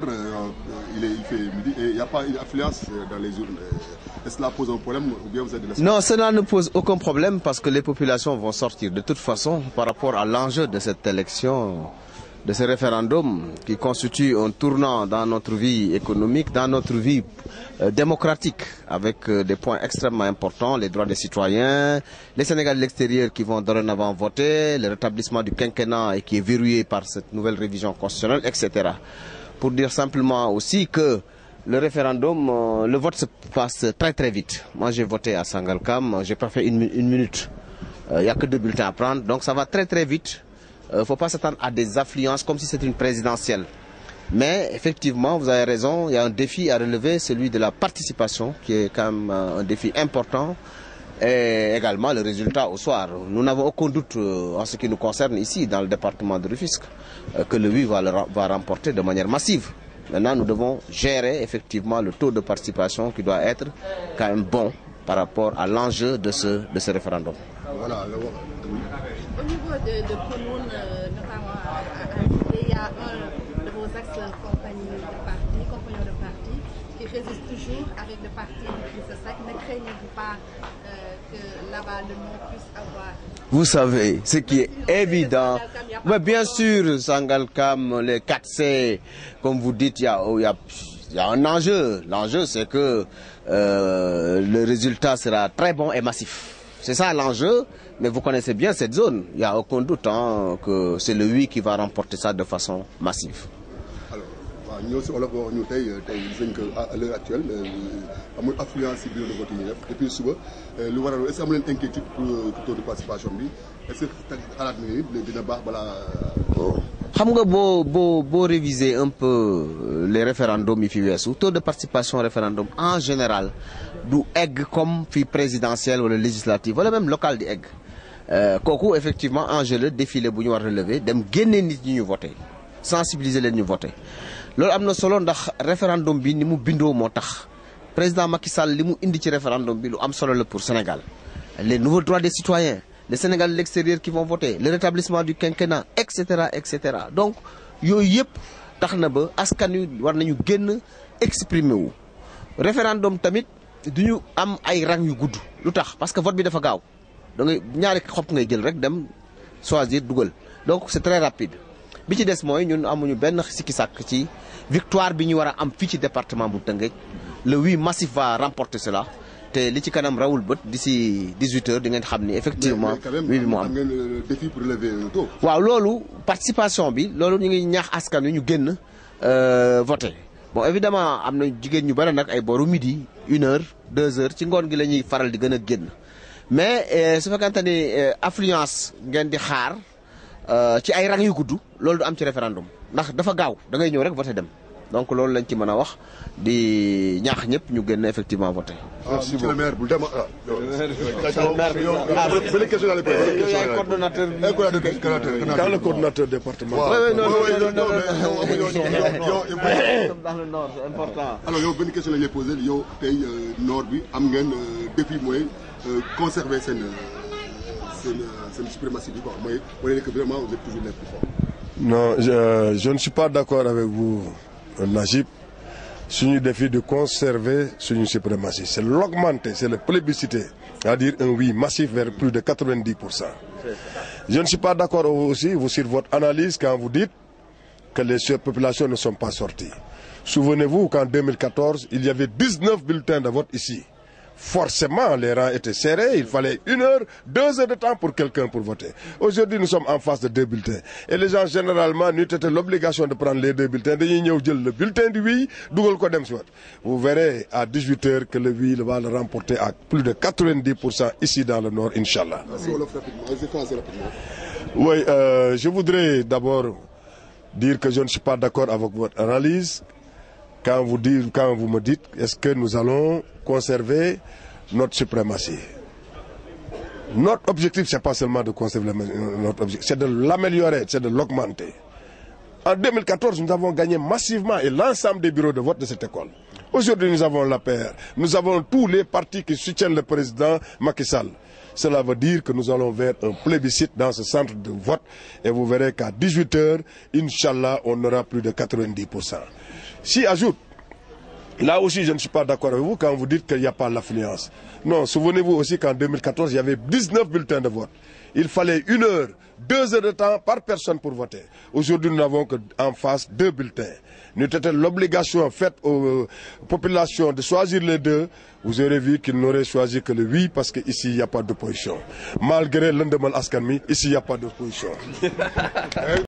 Euh, il, a pas une euh, dans les urnes. Euh, est-ce que cela pose un problème ou vous êtes de la... Non, cela ne pose aucun problème parce que les populations vont sortir. De toute façon, par rapport à l'enjeu de cette élection, de ce référendum qui constitue un tournant dans notre vie économique, dans notre vie démocratique, avec des points extrêmement importants, les droits des citoyens, les Sénégalais de l'extérieur qui vont dorénavant voter, le rétablissement du quinquennat et qui est verrouillé par cette nouvelle révision constitutionnelle, etc pour dire simplement aussi que le référendum, euh, le vote se passe très très vite. Moi j'ai voté à Sangalkam, j'ai pas fait une, minute. Il euh, n'y a que deux bulletins à prendre, donc ça va très très vite. Il euh, ne faut pas s'attendre à des affluences comme si c'était une présidentielle. Mais effectivement, vous avez raison, il y a un défi à relever, celui de la participation, qui est quand même un défi important et également le résultat au soir. Nous n'avons aucun doute euh, en ce qui nous concerne ici, dans le département de Rufisque, euh, que le oui va, remporter de manière massive. Maintenant, nous devons gérer effectivement le taux de participation qui doit être quand même bon par rapport à l'enjeu de ce, de ce référendum vous savez, ce qui est évident, mais bien sûr, Sangalcam, les 4C, comme vous dites, il y a, un enjeu. L'enjeu, c'est que euh, le résultat sera très bon et massif. C'est ça l'enjeu, mais vous connaissez bien cette zone. Il n'y a aucun doute hein, que c'est le qui va remporter ça de façon massive. Nous, ñoo si euh, à l'heure actuelle euh, amul affluence si bureau de vote Et puis puis depuis suba euh, lu waral est-ce inquiétude pour taux de participation est-ce que à nga la. dina baax balaa. xam nga réviser un peu les référendums yi fi taux de participation référendum en général du comme fi présidentielle wala législative wala même local di Euh, effectivement en la défilé bu ñu war relever dem génne nit ñi ñu sensibiliser les ñu voter nous amna solo ndax référendum bi ni mu bindo motax président Macky Sall li indi ci référendum bi lu am solo le pour Sénégal les nouveaux droits des citoyens les Sénégal à l'extérieur qui vont voter le rétablissement du quinquennat etc., etc. donc yooyu yëpp tax ba askan war nañu génn exprimer wu. référendum tamit duñu am ay rang yu gudd lutax parce que vote bi dafa gaaw da ngay ñaari xop ngay jël rek dem choisir dugal donc c'est très rapide. bi ci dess moy ñun amuñu benn sikki sàkk ci victoire bi ñu wara am fi ci département bu Tëngéej le 8 massif va remporter cela té li ci kanam rawul Beut d'ici 18 h di ngeen xamni effectivement oui bi mo am ngeen euh, défi pour lever le taux waaw lolu participation bi lolu ñu ngi ñaax askan ñu genn euh voter bon évidemment amna jigen ñu bari nak ay boru midi 1h 2h ci ngon gi lañuy faral di gëna genn mais mais euh, su fekkante ni euh, affluence ngeen di xaar Euh, ci ay rang yu gudd loolu du am ci référendum ndax dafa gaaw da ngay ñëw rek voté dem donc loolu lañ ci mën a wax di ñaax ñëpp ñu génn effectivement voté. merci beaucoup monsieur le maire bul dem ah. coordonnateur coordonnateur département. alors yow benn question la ñuy posé yow tey euh, nord bi am ngeen euh, défi mooy conserver seen. c'est une suprématie du corps. Moi, voyez que vraiment, vous êtes toujours les plus forts. Non, je, ne suis pas d'accord avec vous, Najib. C'est un défi de conserver une suprématie. C'est l'augmenter, c'est le plébiscité. c'est-à-dire un oui massif vers plus de 90%. Je ne suis pas d'accord aussi vous, sur votre analyse quand vous dites que les surpopulations ne sont pas sorties. Souvenez-vous qu'en 2014, il y avait 19 bulletins de vote ici forcément les rangs étaient serrés, il fallait une heure, deux heures de temps pour quelqu'un pour voter. Aujourd'hui, nous sommes en face de deux bulletins. Et les gens, généralement, n'ont été l'obligation de prendre les deux bulletins. le bulletin du oui, Vous verrez à 18h que le ville va le remporter à plus de 90% ici dans le Nord, Inch'Allah. Oui, euh, je voudrais d'abord dire que je ne suis pas d'accord avec votre analyse quand vous, quand vous me dites est-ce que nous allons conserver notre suprématie. Notre objectif, ce n'est pas seulement de conserver euh, notre objectif, c'est de l'améliorer, c'est de l'augmenter. En 2014, nous avons gagné massivement et l'ensemble des bureaux de vote de cette école. Aujourd'hui, nous avons la paire. Nous avons tous les partis qui soutiennent le président Macky Sall. Cela veut dire que nous allons vers un plébiscite dans ce centre de vote et vous verrez qu'à 18h, Inch'Allah, on aura plus de 90%. S'y ajoute Là aussi, je ne suis pas d'accord avec vous quand vous dites qu'il n'y a pas l'affluence. Non, souvenez-vous aussi qu'en 2014, il y avait 19 bulletins de vote. Il fallait une heure, deux heures de temps par personne pour voter. Aujourd'hui, nous n'avons qu'en face deux bulletins. Nous étions l'obligation faite aux euh, populations de choisir les deux. Vous aurez vu qu'ils n'auraient choisi que le oui parce qu'ici, il n'y a pas d'opposition. Malgré l'un Askanmi, ici, il n'y a pas d'opposition.